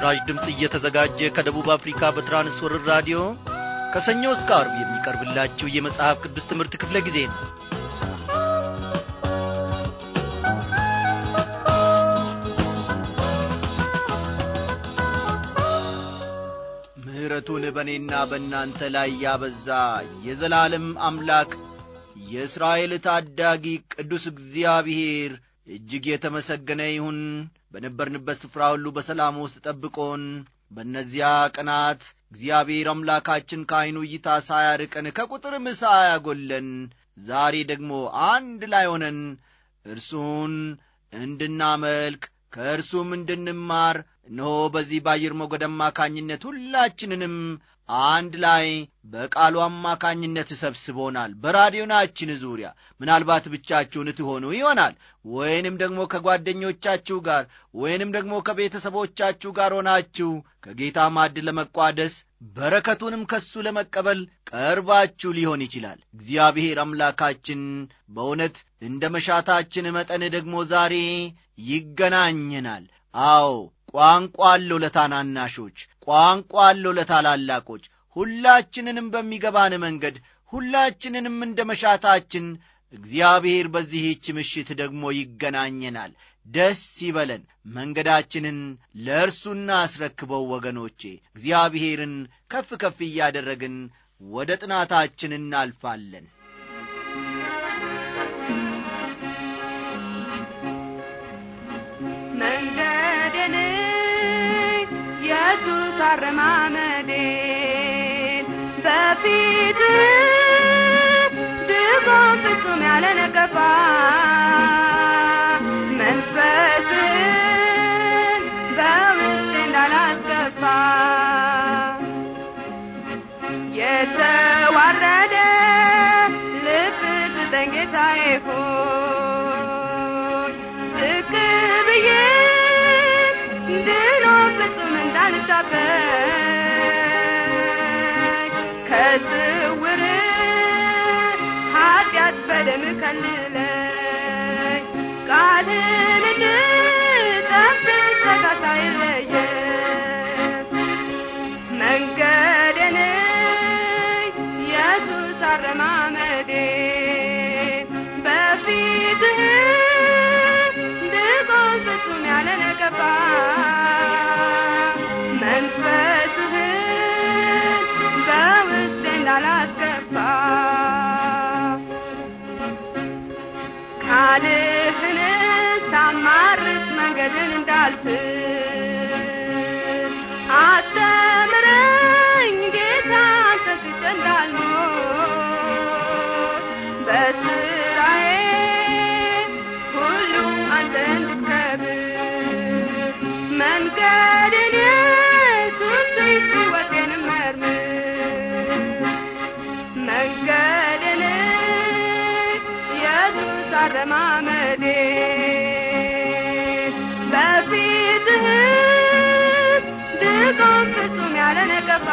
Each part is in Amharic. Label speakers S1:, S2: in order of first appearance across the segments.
S1: ለምስራች ድምፅ እየተዘጋጀ ከደቡብ አፍሪካ በትራንስወርር ራዲዮ ከሰኞ እስከ አርብ የሚቀርብላችሁ የመጽሐፍ ቅዱስ ትምህርት ክፍለ ጊዜ ነው። ምሕረቱን በእኔና በእናንተ ላይ ያበዛ የዘላለም አምላክ የእስራኤል ታዳጊ ቅዱስ እግዚአብሔር እጅግ የተመሰገነ ይሁን። በነበርንበት ስፍራ ሁሉ በሰላም ውስጥ ጠብቆን በእነዚያ ቀናት እግዚአብሔር አምላካችን ከዐይኑ እይታ ሳያርቀን ከቁጥርም ሳያጎለን ዛሬ ደግሞ አንድ ላይ ሆነን እርሱን እንድናመልክ ከእርሱም እንድንማር እነሆ በዚህ ባየር ሞገድ አማካኝነት ሁላችንንም አንድ ላይ በቃሉ አማካኝነት ሰብስቦናል። በራዲዮናችን ዙሪያ ምናልባት ብቻችሁን ትሆኑ ይሆናል ወይንም ደግሞ ከጓደኞቻችሁ ጋር ወይንም ደግሞ ከቤተሰቦቻችሁ ጋር ሆናችሁ ከጌታ ማዕድ ለመቋደስ በረከቱንም ከሱ ለመቀበል ቀርባችሁ ሊሆን ይችላል። እግዚአብሔር አምላካችን በእውነት እንደ መሻታችን መጠን ደግሞ ዛሬ ይገናኘናል። አዎ ቋንቋ አለው ለታናናሾች ቋንቋ አለው ለታላላቆች ሁላችንንም በሚገባን መንገድ ሁላችንንም እንደ መሻታችን እግዚአብሔር በዚህች ምሽት ደግሞ ይገናኘናል። ደስ ይበለን። መንገዳችንን ለእርሱና አስረክበው ወገኖቼ። እግዚአብሔርን ከፍ ከፍ እያደረግን ወደ ጥናታችን እናልፋለን።
S2: አረማመዴን በፊት ድጎ ፍጹም ያለ ነቀፋ መንፈስን በውስጥ እንዳላስገባ የተዋረደ ልብ ስጠኝ ጌታዬ ሆይ በግ ከስውር ኃጢአት በደም ከልለኝ ቃልን ቃልህን ሳማርት መንገድን እንዳልስ መለማመዴ በፊትህ ድቃም ፍጹም ያለ ነቀፋ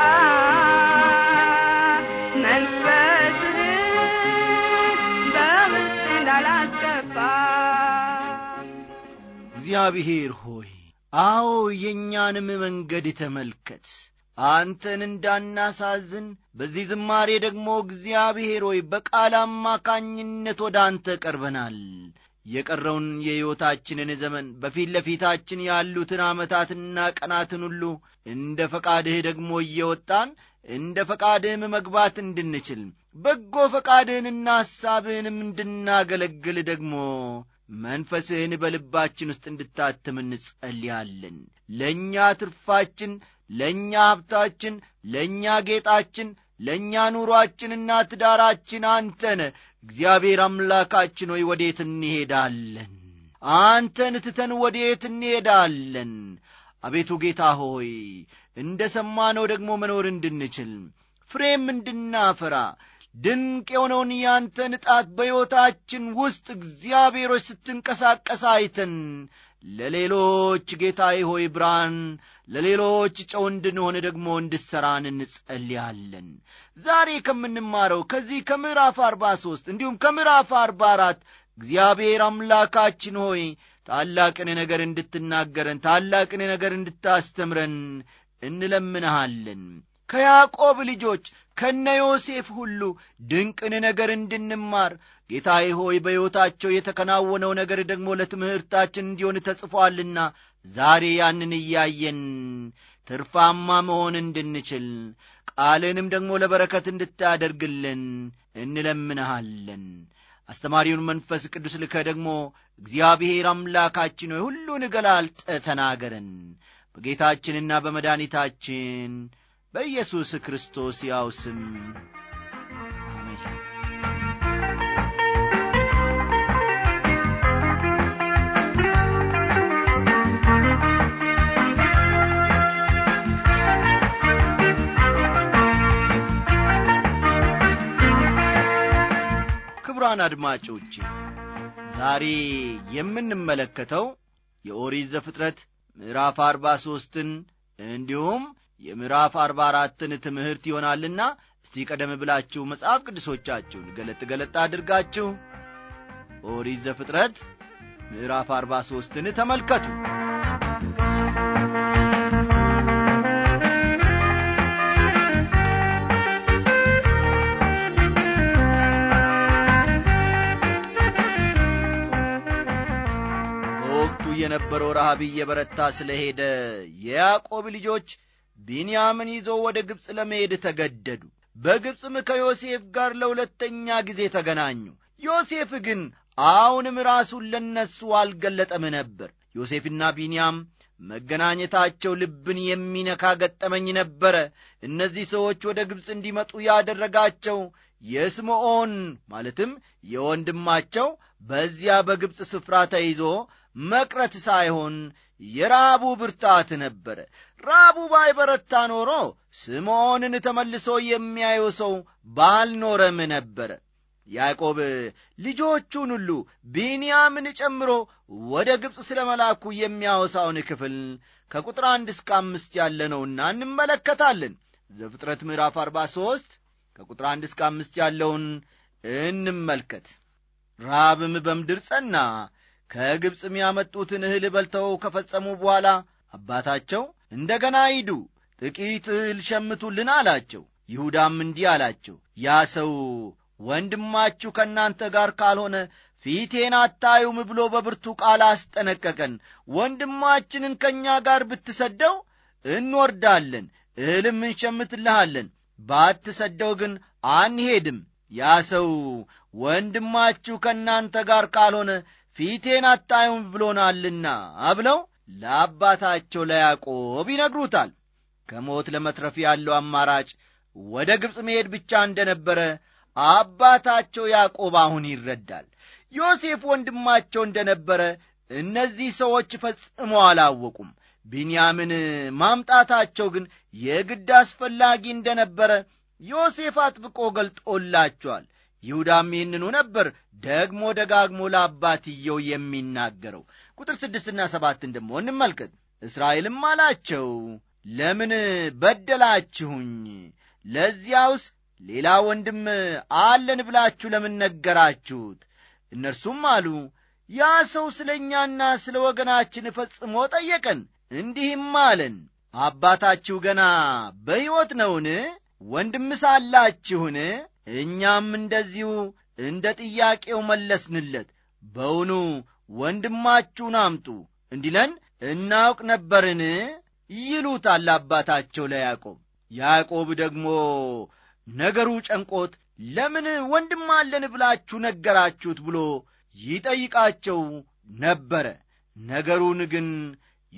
S2: መንፈስህን በውስጥ እንዳላስገባ
S1: እግዚአብሔር ሆይ አዎ የእኛንም መንገድ ተመልከት አንተን እንዳናሳዝን በዚህ ዝማሬ ደግሞ እግዚአብሔር ሆይ በቃል አማካኝነት ወደ አንተ ቀርበናል። የቀረውን የሕይወታችንን ዘመን በፊት ለፊታችን ያሉትን ዓመታትና ቀናትን ሁሉ እንደ ፈቃድህ ደግሞ እየወጣን እንደ ፈቃድህም መግባት እንድንችል በጎ ፈቃድህንና ሐሳብህንም እንድናገለግል ደግሞ መንፈስህን በልባችን ውስጥ እንድታትም እንጸልያለን። ለእኛ ትርፋችን ለእኛ ሀብታችን ለእኛ ጌጣችን ለእኛ ኑሮአችንና ትዳራችን አንተነ እግዚአብሔር አምላካችን ሆይ ወዴት እንሄዳለን አንተን ትተን ወዴት እንሄዳለን አቤቱ ጌታ ሆይ እንደ ሰማነው ደግሞ መኖር እንድንችል ፍሬም እንድናፈራ ድንቅ የሆነውን ያንተን ጣት በሕይወታችን ውስጥ እግዚአብሔሮች ስትንቀሳቀስ አይተን ለሌሎች ጌታዬ ሆይ ብራን ለሌሎች ጨው እንድንሆን ደግሞ እንድሠራን እንጸልያለን። ዛሬ ከምንማረው ከዚህ ከምዕራፍ አርባ ሦስት እንዲሁም ከምዕራፍ አርባ አራት እግዚአብሔር አምላካችን ሆይ ታላቅን ነገር እንድትናገረን ታላቅን ነገር እንድታስተምረን እንለምንሃለን። ከያዕቆብ ልጆች ከነ ዮሴፍ ሁሉ ድንቅን ነገር እንድንማር ጌታዬ ሆይ በሕይወታቸው የተከናወነው ነገር ደግሞ ለትምህርታችን እንዲሆን ተጽፏልና ዛሬ ያንን እያየን ትርፋማ መሆን እንድንችል ቃልንም ደግሞ ለበረከት እንድታደርግልን እንለምንሃለን። አስተማሪውን መንፈስ ቅዱስ ልከ ደግሞ እግዚአብሔር አምላካችን ሆይ ሁሉን ገላልጠ ተናገረን። በጌታችንና በመድኒታችን በኢየሱስ ክርስቶስ ያው ስም ክቡራን አድማጮቼ ዛሬ የምንመለከተው የኦሪት ዘፍጥረት ምዕራፍ አርባ ሦስትን እንዲሁም የምዕራፍ አርባ አራትን ትምህርት ይሆናልና እስቲ ቀደም ብላችሁ መጽሐፍ ቅዱሶቻችሁን ገለጥ ገለጥ አድርጋችሁ ኦሪት ዘፍጥረት ምዕራፍ አርባ ሦስትን ተመልከቱ የነበረው ረሃብ እየበረታ ስለሄደ የያዕቆብ ልጆች ቢንያምን ይዞ ወደ ግብፅ ለመሄድ ተገደዱ። በግብፅም ከዮሴፍ ጋር ለሁለተኛ ጊዜ ተገናኙ። ዮሴፍ ግን አሁንም ራሱን ለነሱ አልገለጠም ነበር። ዮሴፍና ቢንያም መገናኘታቸው ልብን የሚነካ ገጠመኝ ነበረ። እነዚህ ሰዎች ወደ ግብፅ እንዲመጡ ያደረጋቸው የስምዖን ማለትም የወንድማቸው በዚያ በግብፅ ስፍራ ተይዞ መቅረት ሳይሆን የራቡ ብርታት ነበረ። ራቡ ባይበረታ ኖሮ ስምዖንን ተመልሶ የሚያየው ሰው ባልኖረም ነበረ። ያዕቆብ ልጆቹን ሁሉ ቢንያምን ጨምሮ ወደ ግብፅ ስለ መላኩ የሚያወሳውን ክፍል ከቁጥር አንድ እስከ አምስት ያለነውና እንመለከታለን። ዘፍጥረት ምዕራፍ 43 ከቁጥር አንድ እስከ አምስት ያለውን እንመልከት። ራብም በምድር ጸና፣ ከግብፅም ያመጡትን እህል በልተው ከፈጸሙ በኋላ አባታቸው እንደ ገና ሂዱ ጥቂት እህል ሸምቱልን አላቸው። ይሁዳም እንዲህ አላቸው፣ ያ ሰው ወንድማችሁ ከእናንተ ጋር ካልሆነ ፊቴን አታዩም ብሎ በብርቱ ቃል አስጠነቀቀን። ወንድማችንን ከእኛ ጋር ብትሰደው እንወርዳለን፣ እህልም እንሸምትልሃለን። ባትሰደው ግን አንሄድም። ያ ሰው ወንድማችሁ ከእናንተ ጋር ካልሆነ ፊቴን አታዩም ብሎናልና አብለው ለአባታቸው ለያዕቆብ ይነግሩታል። ከሞት ለመትረፍ ያለው አማራጭ ወደ ግብፅ መሄድ ብቻ እንደነበረ አባታቸው ያዕቆብ አሁን ይረዳል። ዮሴፍ ወንድማቸው እንደነበረ እነዚህ ሰዎች ፈጽሞ አላወቁም። ቢንያምን ማምጣታቸው ግን የግድ አስፈላጊ እንደነበረ ዮሴፍ አጥብቆ ገልጦላቸዋል። ይሁዳም ይህንኑ ነበር ደግሞ ደጋግሞ ለአባትየው የሚናገረው። ቁጥር ስድስትና ሰባትን ደግሞ እንመልከት። እስራኤልም አላቸው ለምን በደላችሁኝ? ለዚያውስ ሌላ ወንድም አለን ብላችሁ ለምን ነገራችሁት? እነርሱም አሉ ያ ሰው ስለ እኛና ስለ ወገናችን ፈጽሞ ጠየቀን፣ እንዲህም አለን አባታችሁ ገና በሕይወት ነውን? ወንድምስ አላችሁን? እኛም እንደዚሁ እንደ ጥያቄው መለስንለት በውኑ ወንድማችሁን አምጡ እንዲለን እናውቅ ነበርን ይሉታል አባታቸው ለያዕቆብ ያዕቆብ ደግሞ ነገሩ ጨንቆት ለምን ወንድም አለን ብላችሁ ነገራችሁት ብሎ ይጠይቃቸው ነበረ ነገሩን ግን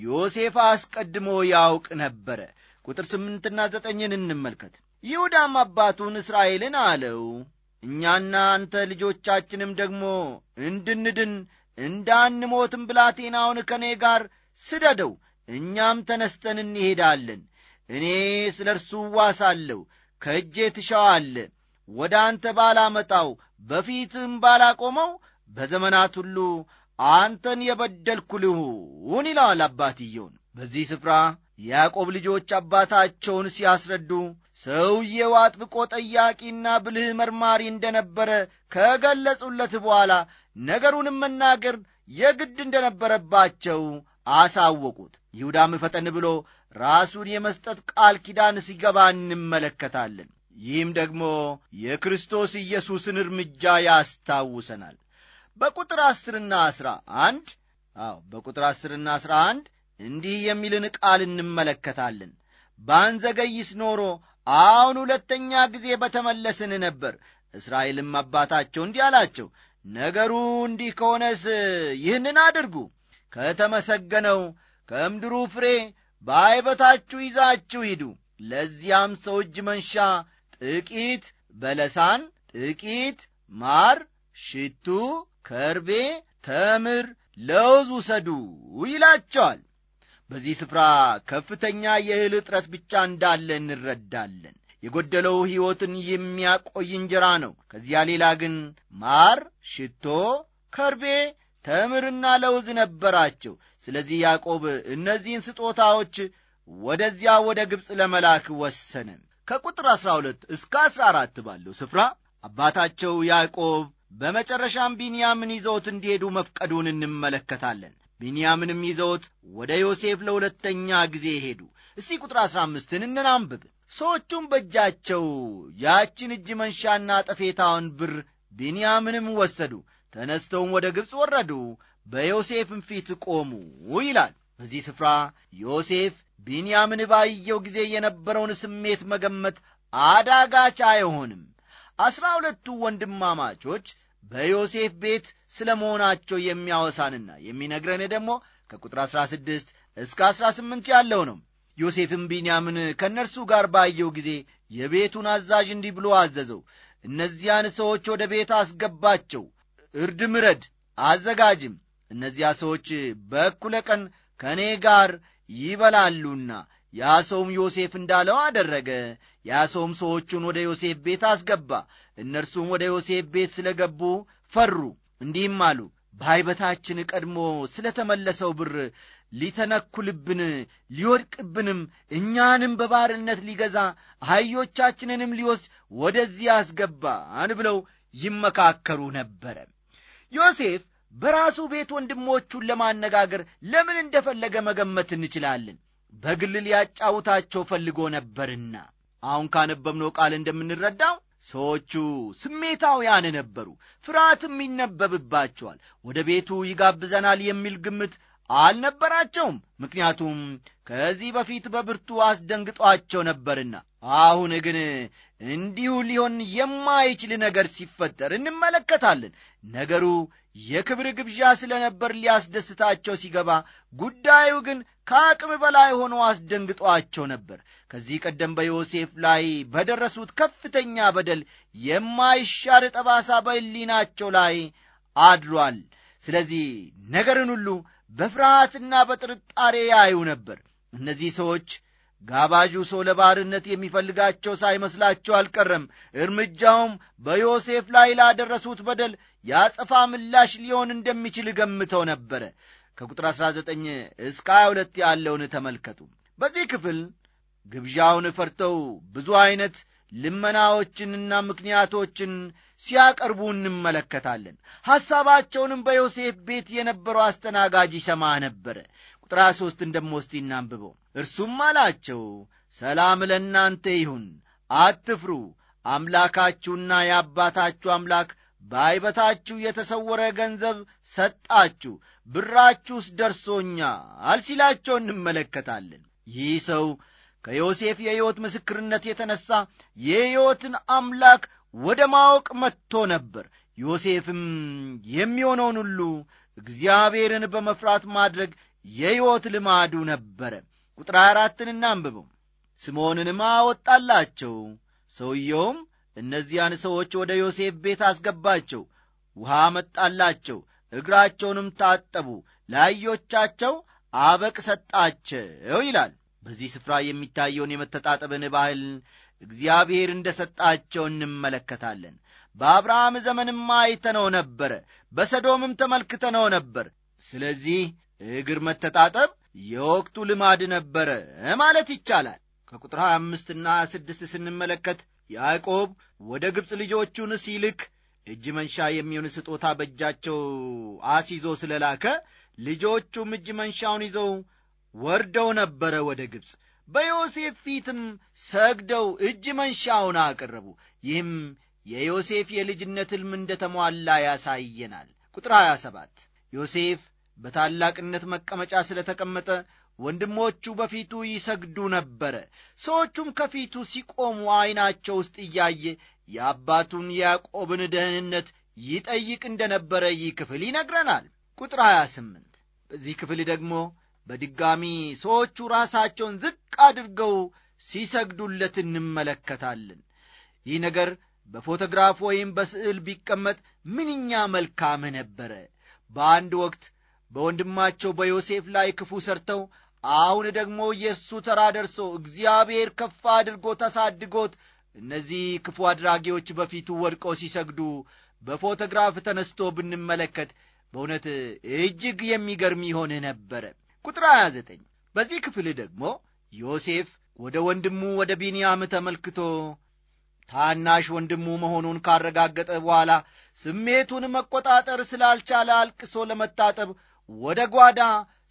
S1: ዮሴፍ አስቀድሞ ያውቅ ነበረ ቁጥር ስምንትና ዘጠኝን እንመልከት ይሁዳም አባቱን እስራኤልን አለው እኛና አንተ ልጆቻችንም ደግሞ እንድንድን እንዳንሞትም ብላቴናውን ከእኔ ጋር ስደደው እኛም ተነስተን እንሄዳለን እኔ ስለ እርሱ ዋሳለሁ ከእጄ ትሻዋለ ወደ አንተ ባላመጣው በፊትም ባላቆመው በዘመናት ሁሉ አንተን የበደልኩ ልሁን ይለዋል አባትየውን በዚህ ስፍራ የያዕቆብ ልጆች አባታቸውን ሲያስረዱ ሰውዬው አጥብቆ ጠያቂና ብልህ መርማሪ እንደነበረ ከገለጹለት በኋላ ነገሩንም መናገር የግድ እንደነበረባቸው አሳወቁት። ይሁዳም ፈጠን ብሎ ራሱን የመስጠት ቃል ኪዳን ሲገባ እንመለከታለን። ይህም ደግሞ የክርስቶስ ኢየሱስን እርምጃ ያስታውሰናል። በቁጥር ዐሥርና ዐሥራ አንድ አዎ በቁጥር ዐሥርና ዐሥራ አንድ እንዲህ የሚልን ቃል እንመለከታለን። ባንዘገይስ ኖሮ አሁን ሁለተኛ ጊዜ በተመለስን ነበር። እስራኤልም አባታቸው እንዲህ አላቸው፣ ነገሩ እንዲህ ከሆነስ ይህንን አድርጉ፣ ከተመሰገነው ከምድሩ ፍሬ በአይበታችሁ ይዛችሁ ሂዱ። ለዚያም ሰው እጅ መንሻ ጥቂት በለሳን፣ ጥቂት ማር፣ ሽቱ፣ ከርቤ፣ ተምር፣ ለውዝ ውሰዱ ይላቸዋል። በዚህ ስፍራ ከፍተኛ የእህል እጥረት ብቻ እንዳለ እንረዳለን። የጎደለው ሕይወትን የሚያቆይ እንጀራ ነው። ከዚያ ሌላ ግን ማር፣ ሽቶ፣ ከርቤ፣ ተምርና ለውዝ ነበራቸው። ስለዚህ ያዕቆብ እነዚህን ስጦታዎች ወደዚያ ወደ ግብፅ ለመላክ ወሰነ። ከቁጥር 12 እስከ 14 ባለው ስፍራ አባታቸው ያዕቆብ በመጨረሻም ቢንያምን ይዘውት እንዲሄዱ መፍቀዱን እንመለከታለን። ቢንያምንም ይዘውት ወደ ዮሴፍ ለሁለተኛ ጊዜ ሄዱ። እስቲ ቁጥር አሥራ አምስትን እንናንብብ። ሰዎቹም በእጃቸው ያችን እጅ መንሻና ጠፌታውን ብር ቢንያምንም ወሰዱ። ተነስተውም ወደ ግብፅ ወረዱ፣ በዮሴፍም ፊት ቆሙ ይላል። በዚህ ስፍራ ዮሴፍ ቢንያምን ባየው ጊዜ የነበረውን ስሜት መገመት አዳጋች አይሆንም። አስራ ሁለቱ ወንድማማቾች በዮሴፍ ቤት ስለ መሆናቸው የሚያወሳንና የሚነግረን ደግሞ ከቁጥር 16 እስከ 18 ያለው ነው። ዮሴፍም ቢንያምን ከእነርሱ ጋር ባየው ጊዜ የቤቱን አዛዥ እንዲህ ብሎ አዘዘው፣ እነዚያን ሰዎች ወደ ቤት አስገባቸው፣ እርድ ምረድ፣ አዘጋጅም። እነዚያ ሰዎች በእኩለ ቀን ከእኔ ጋር ይበላሉና። ያ ሰውም ዮሴፍ እንዳለው አደረገ። ያ ሰውም ሰዎቹን ወደ ዮሴፍ ቤት አስገባ። እነርሱም ወደ ዮሴፍ ቤት ስለ ገቡ ፈሩ፣ እንዲህም አሉ፣ በሃይበታችን ቀድሞ ስለ ተመለሰው ብር ሊተነኩልብን ሊወድቅብንም እኛንም በባርነት ሊገዛ አህዮቻችንንም ሊወስድ ወደዚህ አስገባን ብለው ይመካከሩ ነበረ። ዮሴፍ በራሱ ቤት ወንድሞቹን ለማነጋገር ለምን እንደፈለገ መገመት እንችላለን። በግል ሊያጫውታቸው ፈልጎ ነበርና። አሁን ካነበብነው ቃል እንደምንረዳው ሰዎቹ ስሜታውያን ነበሩ፣ ፍርሃትም ይነበብባቸዋል። ወደ ቤቱ ይጋብዘናል የሚል ግምት አልነበራቸውም። ምክንያቱም ከዚህ በፊት በብርቱ አስደንግጧቸው ነበርና። አሁን ግን እንዲሁ ሊሆን የማይችል ነገር ሲፈጠር እንመለከታለን። ነገሩ የክብር ግብዣ ስለ ነበር ሊያስደስታቸው ሲገባ፣ ጉዳዩ ግን ከአቅም በላይ ሆኖ አስደንግጧቸው ነበር። ከዚህ ቀደም በዮሴፍ ላይ በደረሱት ከፍተኛ በደል የማይሻር ጠባሳ በሕሊናቸው ላይ አድሯል። ስለዚህ ነገርን ሁሉ በፍርሃትና በጥርጣሬ ያዩ ነበር። እነዚህ ሰዎች ጋባዡ ሰው ለባርነት የሚፈልጋቸው ሳይመስላቸው አልቀረም። እርምጃውም በዮሴፍ ላይ ላደረሱት በደል ያጸፋ ምላሽ ሊሆን እንደሚችል ገምተው ነበረ። ከቁጥር 19 እስከ 22 ያለውን ተመልከቱ። በዚህ ክፍል ግብዣውን ፈርተው ብዙ ዐይነት ልመናዎችንና ምክንያቶችን ሲያቀርቡ እንመለከታለን። ሐሳባቸውንም በዮሴፍ ቤት የነበረው አስተናጋጅ ይሰማ ነበረ። ቁጥር 23 እንደምወስድ እናንብበው እርሱም አላቸው ሰላም ለእናንተ ይሁን አትፍሩ አምላካችሁና የአባታችሁ አምላክ በአይበታችሁ የተሰወረ ገንዘብ ሰጣችሁ ብራችሁስ ደርሶኛ አልሲላቸው እንመለከታለን ይህ ሰው ከዮሴፍ የሕይወት ምስክርነት የተነሣ የሕይወትን አምላክ ወደ ማወቅ መጥቶ ነበር ዮሴፍም የሚሆነውን ሁሉ እግዚአብሔርን በመፍራት ማድረግ የሕይወት ልማዱ ነበረ ቁጥር አራትን እናንብቡ ስምዖንንም አወጣላቸው። ሰውየውም እነዚያን ሰዎች ወደ ዮሴፍ ቤት አስገባቸው። ውሃ መጣላቸው፣ እግራቸውንም ታጠቡ፣ ላዮቻቸው አበቅ ሰጣቸው ይላል። በዚህ ስፍራ የሚታየውን የመተጣጠብን ባህል እግዚአብሔር እንደ ሰጣቸው እንመለከታለን። በአብርሃም ዘመንም አይተነው ነበረ፣ በሰዶምም ተመልክተነው ነበር። ስለዚህ እግር መተጣጠብ የወቅቱ ልማድ ነበረ ማለት ይቻላል። ከቁጥር 25 እና 26 ስንመለከት ያዕቆብ ወደ ግብፅ ልጆቹን ሲልክ እጅ መንሻ የሚሆን ስጦታ በእጃቸው አስይዞ ስለላከ ልጆቹም እጅ መንሻውን ይዘው ወርደው ነበረ ወደ ግብፅ። በዮሴፍ ፊትም ሰግደው እጅ መንሻውን አቀረቡ። ይህም የዮሴፍ የልጅነት ልም እንደተሟላ ያሳየናል። ቁጥር 27 ዮሴፍ በታላቅነት መቀመጫ ስለተቀመጠ ወንድሞቹ በፊቱ ይሰግዱ ነበረ። ሰዎቹም ከፊቱ ሲቆሙ ዐይናቸው ውስጥ እያየ የአባቱን ያዕቆብን ደህንነት ይጠይቅ እንደ ነበረ ይህ ክፍል ይነግረናል። ቁጥር 28 በዚህ ክፍል ደግሞ በድጋሚ ሰዎቹ ራሳቸውን ዝቅ አድርገው ሲሰግዱለት እንመለከታለን። ይህ ነገር በፎቶግራፍ ወይም በስዕል ቢቀመጥ ምንኛ መልካም ነበረ። በአንድ ወቅት በወንድማቸው በዮሴፍ ላይ ክፉ ሰርተው አሁን ደግሞ የእሱ ተራ ደርሶ እግዚአብሔር ከፍ አድርጎ ተሳድጎት እነዚህ ክፉ አድራጊዎች በፊቱ ወድቀው ሲሰግዱ በፎቶግራፍ ተነስቶ ብንመለከት በእውነት እጅግ የሚገርም ይሆን ነበረ። ቁጥር 29 በዚህ ክፍል ደግሞ ዮሴፍ ወደ ወንድሙ ወደ ቢንያም ተመልክቶ ታናሽ ወንድሙ መሆኑን ካረጋገጠ በኋላ ስሜቱን መቆጣጠር ስላልቻለ አልቅሶ ለመታጠብ ወደ ጓዳ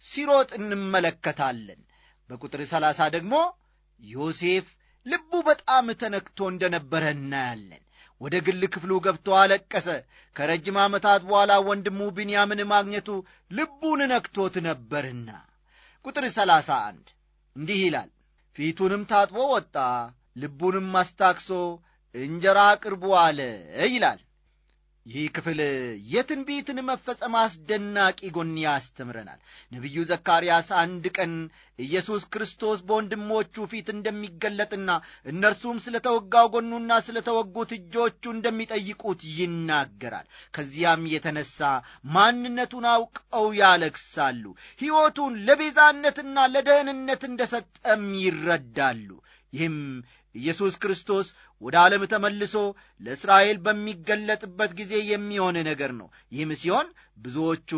S1: ሲሮጥ እንመለከታለን። በቁጥር ሰላሳ ደግሞ ዮሴፍ ልቡ በጣም ተነክቶ እንደነበረ እናያለን። ወደ ግል ክፍሉ ገብቶ አለቀሰ። ከረጅም ዓመታት በኋላ ወንድሙ ቢንያምን ማግኘቱ ልቡን ነክቶት ነበርና። ቁጥር ሰላሳ አንድ እንዲህ ይላል ፊቱንም ታጥቦ ወጣ፣ ልቡንም አስታክሶ እንጀራ አቅርቡ አለ ይላል። ይህ ክፍል የትንቢትን መፈጸም አስደናቂ ጎን ያስተምረናል። ነቢዩ ዘካርያስ አንድ ቀን ኢየሱስ ክርስቶስ በወንድሞቹ ፊት እንደሚገለጥና እነርሱም ስለ ተወጋው ጎኑና ስለ ተወጉት እጆቹ እንደሚጠይቁት ይናገራል። ከዚያም የተነሳ ማንነቱን አውቀው ያለቅሳሉ። ሕይወቱን ለቤዛነትና ለደህንነት እንደሰጠም ይረዳሉ። ይህም ኢየሱስ ክርስቶስ ወደ ዓለም ተመልሶ ለእስራኤል በሚገለጥበት ጊዜ የሚሆን ነገር ነው። ይህም ሲሆን ብዙዎቹ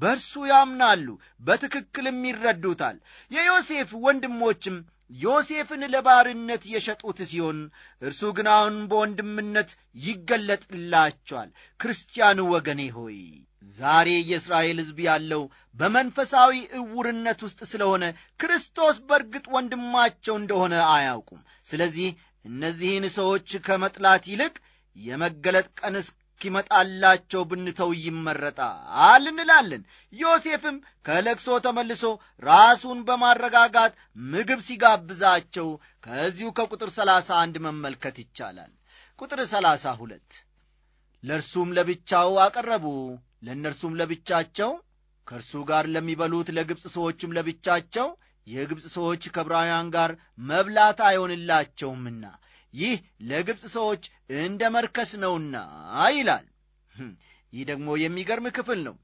S1: በእርሱ ያምናሉ፣ በትክክልም ይረዱታል። የዮሴፍ ወንድሞችም ዮሴፍን ለባርነት የሸጡት ሲሆን እርሱ ግን አሁን በወንድምነት ይገለጥላቸዋል። ክርስቲያን ወገኔ ሆይ ዛሬ የእስራኤል ሕዝብ ያለው በመንፈሳዊ ዕውርነት ውስጥ ስለሆነ ክርስቶስ በእርግጥ ወንድማቸው እንደሆነ አያውቁም። ስለዚህ እነዚህን ሰዎች ከመጥላት ይልቅ የመገለጥ ቀን እስኪመጣላቸው ብንተው ይመረጣል እንላለን። ዮሴፍም ከለቅሶ ተመልሶ ራሱን በማረጋጋት ምግብ ሲጋብዛቸው ከዚሁ ከቁጥር ሰላሳ አንድ መመልከት ይቻላል። ቁጥር ሰላሳ ሁለት ለእርሱም ለብቻው አቀረቡ ለእነርሱም ለብቻቸው ከእርሱ ጋር ለሚበሉት ለግብፅ ሰዎችም ለብቻቸው የግብፅ ሰዎች ከብራውያን ጋር መብላት አይሆንላቸውምና ይህ ለግብፅ ሰዎች እንደ መርከስ ነውና ይላል። ይህ ደግሞ የሚገርም ክፍል ነው።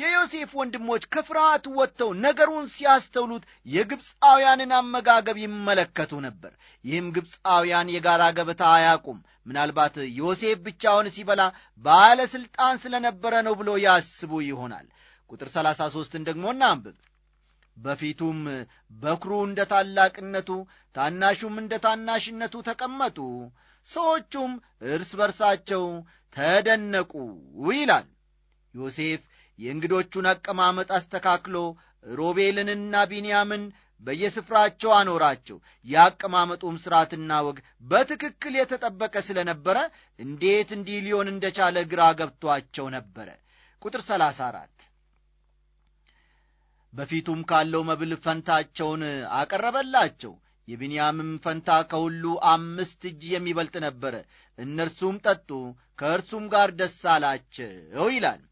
S1: የዮሴፍ ወንድሞች ከፍርሃት ወጥተው ነገሩን ሲያስተውሉት የግብፃውያንን አመጋገብ ይመለከቱ ነበር። ይህም ግብፃውያን የጋራ ገበታ አያውቁም። ምናልባት ዮሴፍ ብቻውን ሲበላ ባለሥልጣን ስለነበረ ነው ብሎ ያስቡ ይሆናል። ቁጥር 33ን ደግሞ እናንብብ። በፊቱም በክሩ እንደ ታላቅነቱ ታናሹም እንደ ታናሽነቱ ተቀመጡ፣ ሰዎቹም እርስ በርሳቸው ተደነቁ ይላል ዮሴፍ የእንግዶቹን አቀማመጥ አስተካክሎ ሮቤልንና ቢንያምን በየስፍራቸው አኖራቸው። የአቀማመጡም ሥርዓትና ወግ በትክክል የተጠበቀ ስለ ነበረ እንዴት እንዲህ ሊሆን እንደቻለ ግራ ገብቷቸው ነበረ። ቁጥር 34 በፊቱም ካለው መብል ፈንታቸውን አቀረበላቸው። የብንያምም ፈንታ ከሁሉ አምስት እጅ የሚበልጥ ነበረ። እነርሱም ጠጡ፣ ከእርሱም ጋር ደስ አላቸው ይላል።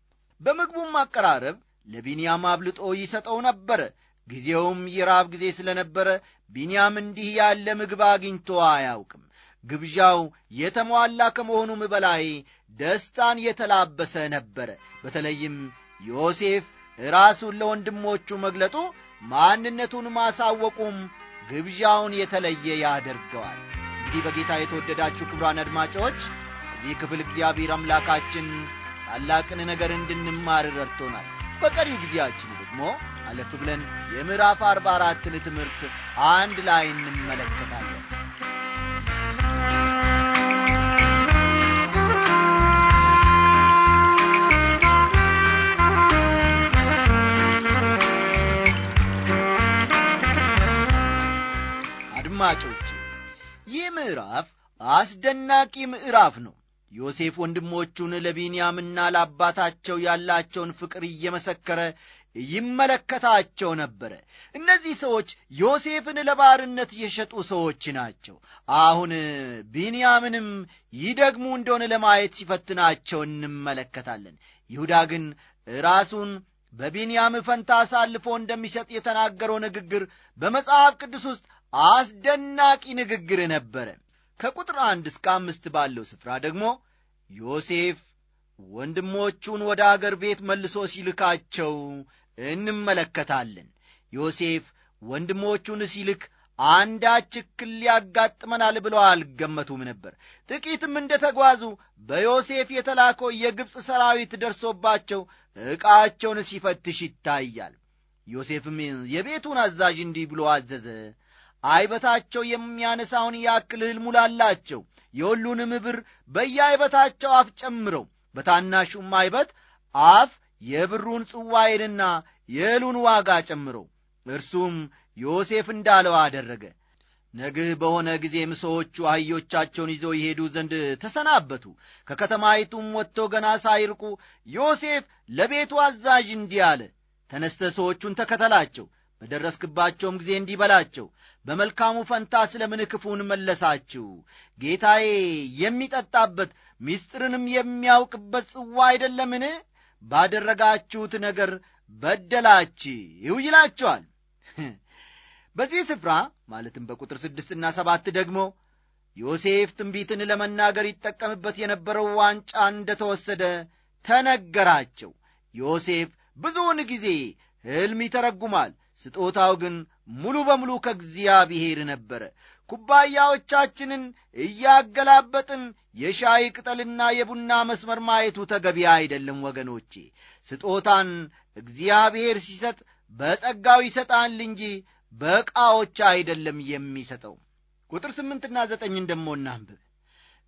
S1: በምግቡም አቀራረብ ለቢንያም አብልጦ ይሰጠው ነበረ። ጊዜውም የራብ ጊዜ ስለ ነበረ ቢንያም እንዲህ ያለ ምግብ አግኝቶ አያውቅም። ግብዣው የተሟላ ከመሆኑም በላይ ደስታን የተላበሰ ነበረ። በተለይም ዮሴፍ ራሱን ለወንድሞቹ መግለጡ ማንነቱን ማሳወቁም ግብዣውን የተለየ ያደርገዋል። እንግዲህ በጌታ የተወደዳችሁ ክብራን አድማጮች እዚህ ክፍል እግዚአብሔር አምላካችን ታላቅን ነገር እንድንማር ረድቶናል። በቀሪው ጊዜያችን ደግሞ አለፍ ብለን የምዕራፍ አርባ አራትን ትምህርት አንድ ላይ እንመለከታለን። አድማጮች ይህ ምዕራፍ አስደናቂ ምዕራፍ ነው። ዮሴፍ ወንድሞቹን ለቢንያምና ለአባታቸው ያላቸውን ፍቅር እየመሰከረ ይመለከታቸው ነበረ። እነዚህ ሰዎች ዮሴፍን ለባርነት የሸጡ ሰዎች ናቸው። አሁን ቢንያምንም ይደግሙ እንደሆነ ለማየት ሲፈትናቸው እንመለከታለን። ይሁዳ ግን ራሱን በቢንያም ፈንታ አሳልፎ እንደሚሰጥ የተናገረው ንግግር በመጽሐፍ ቅዱስ ውስጥ አስደናቂ ንግግር ነበረ። ከቁጥር አንድ እስከ አምስት ባለው ስፍራ ደግሞ ዮሴፍ ወንድሞቹን ወደ አገር ቤት መልሶ ሲልካቸው እንመለከታለን። ዮሴፍ ወንድሞቹን ሲልክ አንዳች እክል ያጋጥመናል ብሎ አልገመቱም ነበር። ጥቂትም እንደ ተጓዙ በዮሴፍ የተላከው የግብፅ ሰራዊት ደርሶባቸው ዕቃቸውን ሲፈትሽ ይታያል። ዮሴፍም የቤቱን አዛዥ እንዲህ ብሎ አዘዘ አይበታቸው የሚያነሳውን ያክል ሕልም ላላቸው የሁሉንም ብር በየአይበታቸው አፍ ጨምረው በታናሹም አይበት አፍ የብሩን ጽዋይንና የእህሉን ዋጋ ጨምረው እርሱም ዮሴፍ እንዳለው አደረገ። ነግህ በሆነ ጊዜም ሰዎቹ አህዮቻቸውን ይዘው ይሄዱ ዘንድ ተሰናበቱ። ከከተማይቱም ወጥቶ ገና ሳይርቁ ዮሴፍ ለቤቱ አዛዥ እንዲህ አለ፣ ተነስተ ሰዎቹን ተከተላቸው በደረስክባቸውም ጊዜ እንዲህ በላቸው፣ በመልካሙ ፈንታ ስለ ምን ክፉን መለሳችሁ? ጌታዬ የሚጠጣበት ምስጢርንም የሚያውቅበት ጽዋ አይደለምን? ባደረጋችሁት ነገር በደላችሁ ይላችኋል በዚህ ስፍራ ማለትም በቁጥር ስድስትና ሰባት ደግሞ ዮሴፍ ትንቢትን ለመናገር ይጠቀምበት የነበረው ዋንጫ እንደተወሰደ ተነገራቸው። ዮሴፍ ብዙውን ጊዜ ሕልም ይተረጉማል። ስጦታው ግን ሙሉ በሙሉ ከእግዚአብሔር ነበረ። ኩባያዎቻችንን እያገላበጥን የሻይ ቅጠልና የቡና መስመር ማየቱ ተገቢ አይደለም ወገኖቼ። ስጦታን እግዚአብሔር ሲሰጥ በጸጋው ይሰጣል እንጂ በዕቃዎች አይደለም የሚሰጠው። ቁጥር ስምንትና ዘጠኝን ደግሞ እናንብብ።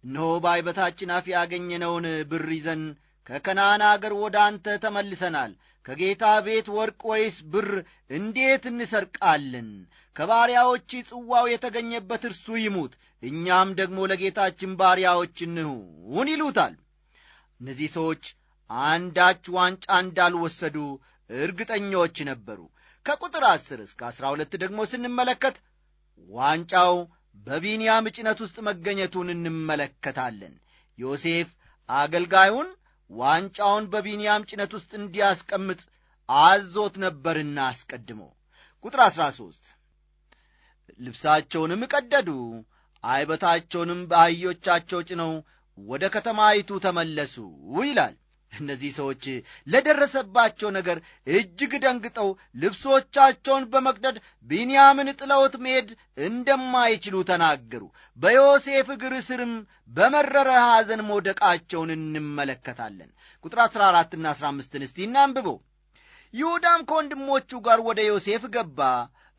S1: እነሆ በዓይበታችን አፍ ያገኘነውን ብር ይዘን ከከናን አገር ወደ አንተ ተመልሰናል ከጌታ ቤት ወርቅ ወይስ ብር እንዴት እንሰርቃለን? ከባሪያዎች ጽዋው የተገኘበት እርሱ ይሙት፣ እኛም ደግሞ ለጌታችን ባሪያዎች እንሁን ይሉታል። እነዚህ ሰዎች አንዳች ዋንጫ እንዳልወሰዱ እርግጠኞች ነበሩ። ከቁጥር ዐሥር እስከ ዐሥራ ሁለት ደግሞ ስንመለከት ዋንጫው በቢንያም ጭነት ውስጥ መገኘቱን እንመለከታለን። ዮሴፍ አገልጋዩን ዋንጫውን በቢንያም ጭነት ውስጥ እንዲያስቀምጥ አዞት ነበርና አስቀድሞ ቁጥር 13 ልብሳቸውንም ቀደዱ፣ አይበታቸውንም በአህዮቻቸው ጭነው ወደ ከተማይቱ ተመለሱ ይላል። እነዚህ ሰዎች ለደረሰባቸው ነገር እጅግ ደንግጠው ልብሶቻቸውን በመቅደድ ቢንያምን ጥለውት መሄድ እንደማይችሉ ተናገሩ። በዮሴፍ እግር ስርም በመረረ ሐዘን መውደቃቸውን እንመለከታለን። ቁጥር 14ና 15ን እስቲ እናንብበው። ይሁዳም ከወንድሞቹ ጋር ወደ ዮሴፍ ገባ፣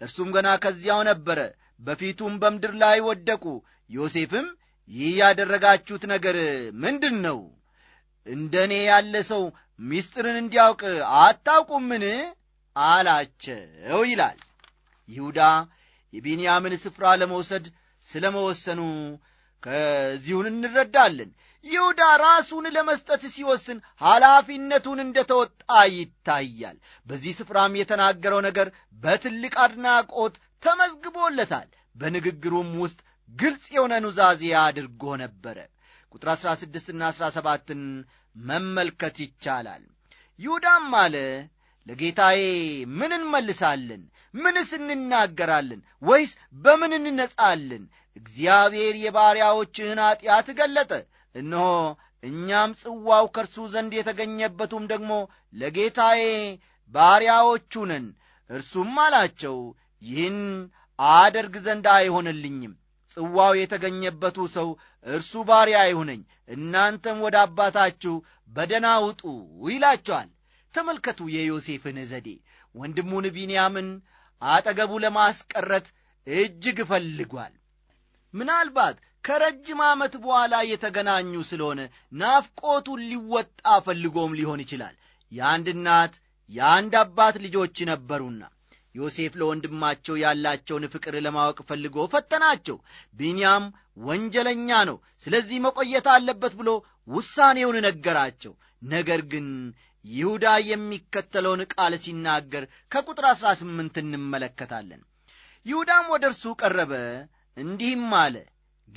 S1: እርሱም ገና ከዚያው ነበረ። በፊቱም በምድር ላይ ወደቁ። ዮሴፍም ይህ ያደረጋችሁት ነገር ምንድን ነው እንደ እኔ ያለ ሰው ምስጢርን እንዲያውቅ አታውቁምን አላቸው ይላል። ይሁዳ የቢንያምን ስፍራ ለመውሰድ ስለ መወሰኑ ከዚሁን እንረዳለን። ይሁዳ ራሱን ለመስጠት ሲወስን ኃላፊነቱን እንደ ተወጣ ይታያል። በዚህ ስፍራም የተናገረው ነገር በትልቅ አድናቆት ተመዝግቦለታል። በንግግሩም ውስጥ ግልጽ የሆነ ኑዛዜ አድርጎ ነበረ። ቁጥር 16ና 17ን መመልከት ይቻላል። ይሁዳም አለ ለጌታዬ ምን እንመልሳለን? ምንስ እንናገራለን? ወይስ በምን እንነጻለን? እግዚአብሔር የባሪያዎችህን ኀጢአት ገለጠ። እነሆ እኛም ጽዋው ከእርሱ ዘንድ የተገኘበቱም ደግሞ ለጌታዬ ባሪያዎቹ ነን። እርሱም አላቸው ይህን አደርግ ዘንድ አይሆንልኝም ጽዋው የተገኘበቱ ሰው እርሱ ባሪያ ይሁነኝ፣ እናንተም ወደ አባታችሁ በደና ውጡ ይላቸዋል። ተመልከቱ የዮሴፍን ዘዴ። ወንድሙን ቢንያምን አጠገቡ ለማስቀረት እጅግ እፈልጓል። ምናልባት ከረጅም ዓመት በኋላ የተገናኙ ስለሆነ ናፍቆቱን ሊወጣ ፈልጎም ሊሆን ይችላል። የአንድ እናት የአንድ አባት ልጆች ነበሩና ዮሴፍ ለወንድማቸው ያላቸውን ፍቅር ለማወቅ ፈልጎ ፈተናቸው። ቢንያም ወንጀለኛ ነው፣ ስለዚህ መቆየት አለበት ብሎ ውሳኔውን ነገራቸው። ነገር ግን ይሁዳ የሚከተለውን ቃል ሲናገር ከቁጥር አሥራ ስምንት እንመለከታለን። ይሁዳም ወደ እርሱ ቀረበ፣ እንዲህም አለ፣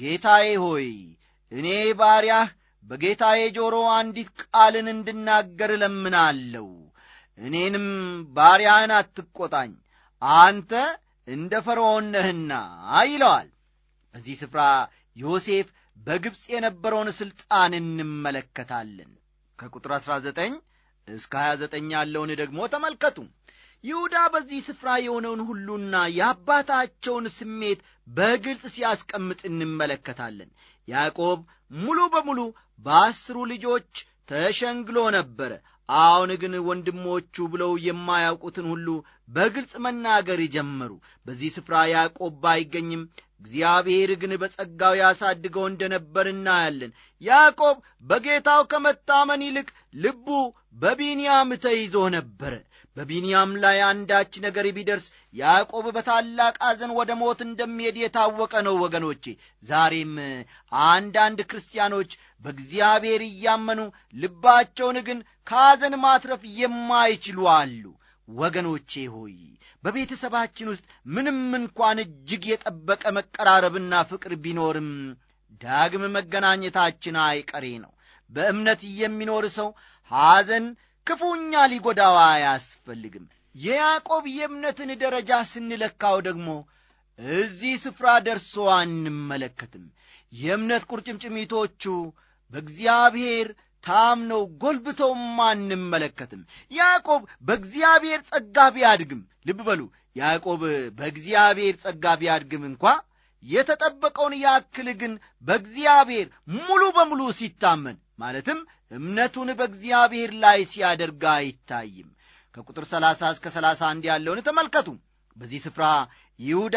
S1: ጌታዬ ሆይ እኔ ባሪያህ በጌታዬ ጆሮ አንዲት ቃልን እንድናገር እለምናለሁ። እኔንም ባሪያህን አትቆጣኝ አንተ እንደ ፈርዖን ነህና ይለዋል። በዚህ ስፍራ ዮሴፍ በግብፅ የነበረውን ሥልጣን እንመለከታለን። ከቁጥር 19 እስከ 29 ያለውን ደግሞ ተመልከቱ። ይሁዳ በዚህ ስፍራ የሆነውን ሁሉና የአባታቸውን ስሜት በግልጽ ሲያስቀምጥ እንመለከታለን። ያዕቆብ ሙሉ በሙሉ በአስሩ ልጆች ተሸንግሎ ነበረ። አሁን ግን ወንድሞቹ ብለው የማያውቁትን ሁሉ በግልጽ መናገር ጀመሩ። በዚህ ስፍራ ያዕቆብ ባይገኝም እግዚአብሔር ግን በጸጋው ያሳድገው እንደ ነበር እናያለን። ያዕቆብ በጌታው ከመታመን ይልቅ ልቡ በቢንያም ተይዞ ነበረ። በቢንያም ላይ አንዳች ነገር ቢደርስ ያዕቆብ በታላቅ አዘን ወደ ሞት እንደሚሄድ የታወቀ ነው። ወገኖቼ ዛሬም አንዳንድ ክርስቲያኖች በእግዚአብሔር እያመኑ ልባቸውን ግን ከአዘን ማትረፍ የማይችሉ አሉ። ወገኖቼ ሆይ በቤተሰባችን ውስጥ ምንም እንኳን እጅግ የጠበቀ መቀራረብና ፍቅር ቢኖርም ዳግም መገናኘታችን አይቀሬ ነው። በእምነት የሚኖር ሰው ሐዘን ክፉኛ ሊጎዳው አያስፈልግም። የያዕቆብ የእምነትን ደረጃ ስንለካው ደግሞ እዚህ ስፍራ ደርሶ አንመለከትም። የእምነት ቁርጭምጭሚቶቹ በእግዚአብሔር ታምነው ጎልብተውም አንመለከትም። ያዕቆብ በእግዚአብሔር ጸጋ ቢያድግም፣ ልብ በሉ፣ ያዕቆብ በእግዚአብሔር ጸጋ ቢያድግም እንኳ የተጠበቀውን ያክል ግን በእግዚአብሔር ሙሉ በሙሉ ሲታመን ማለትም እምነቱን በእግዚአብሔር ላይ ሲያደርግ አይታይም። ከቁጥር 30 እስከ 31 ያለውን ተመልከቱ። በዚህ ስፍራ ይሁዳ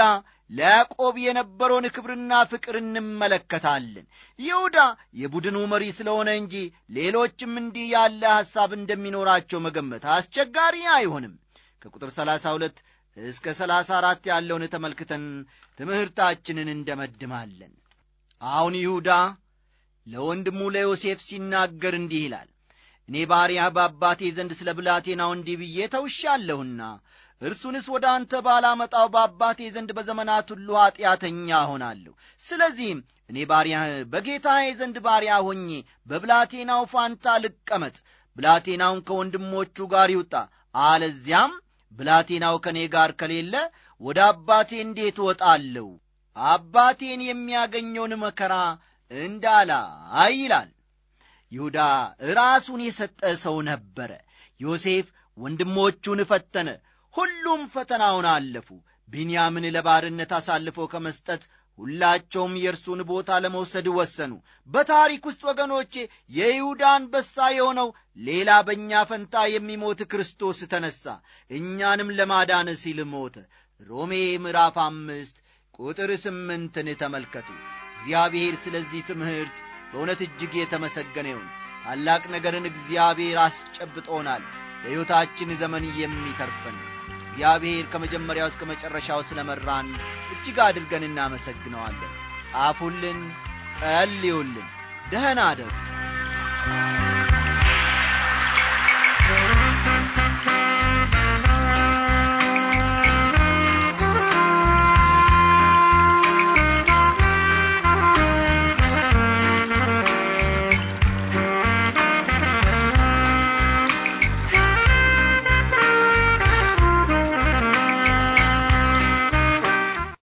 S1: ለያዕቆብ የነበረውን ክብርና ፍቅር እንመለከታለን። ይሁዳ የቡድኑ መሪ ስለሆነ እንጂ ሌሎችም እንዲህ ያለ ሐሳብ እንደሚኖራቸው መገመት አስቸጋሪ አይሆንም። ከቁጥር 32 እስከ 34 ያለውን ተመልክተን ትምህርታችንን እንደመድማለን። አሁን ይሁዳ ለወንድሙ ለዮሴፍ ሲናገር እንዲህ ይላል እኔ ባሪያ በአባቴ ዘንድ ስለ ብላቴናው እንዲህ ብዬ ተውሻለሁና እርሱንስ ወደ አንተ ባላመጣው በአባቴ ዘንድ በዘመናት ሁሉ ኀጢአተኛ ሆናለሁ። ስለዚህም እኔ ባሪያህ በጌታዬ ዘንድ ባሪያ ሆኜ በብላቴናው ፋንታ ልቀመጥ፣ ብላቴናውን ከወንድሞቹ ጋር ይውጣ፣ አለዚያም ብላቴናው ከእኔ ጋር ከሌለ ወደ አባቴ እንዴት ወጣለሁ አባቴን የሚያገኘውን መከራ እንዳላ ይላል። ይሁዳ ራሱን የሰጠ ሰው ነበረ። ዮሴፍ ወንድሞቹን ፈተነ። ሁሉም ፈተናውን አለፉ። ቢንያምን ለባርነት አሳልፎ ከመስጠት ሁላቸውም የእርሱን ቦታ ለመውሰድ ወሰኑ። በታሪክ ውስጥ ወገኖቼ የይሁዳ አንበሳ የሆነው ሌላ በእኛ ፈንታ የሚሞት ክርስቶስ ተነሣ፣ እኛንም ለማዳን ሲል ሞተ። ሮሜ ምዕራፍ አምስት ቁጥር ስምንትን ተመልከቱ። እግዚአብሔር ስለዚህ ትምህርት በእውነት እጅግ የተመሰገነ ይሁን። ታላቅ ነገርን እግዚአብሔር አስጨብጦናል። በሕይወታችን ዘመን የሚተርፈን እግዚአብሔር ከመጀመሪያው እስከ መጨረሻው ስለ መራን እጅግ አድርገን እናመሰግነዋለን። ጻፉልን፣ ጸልዩልን። ደህና አደሩ።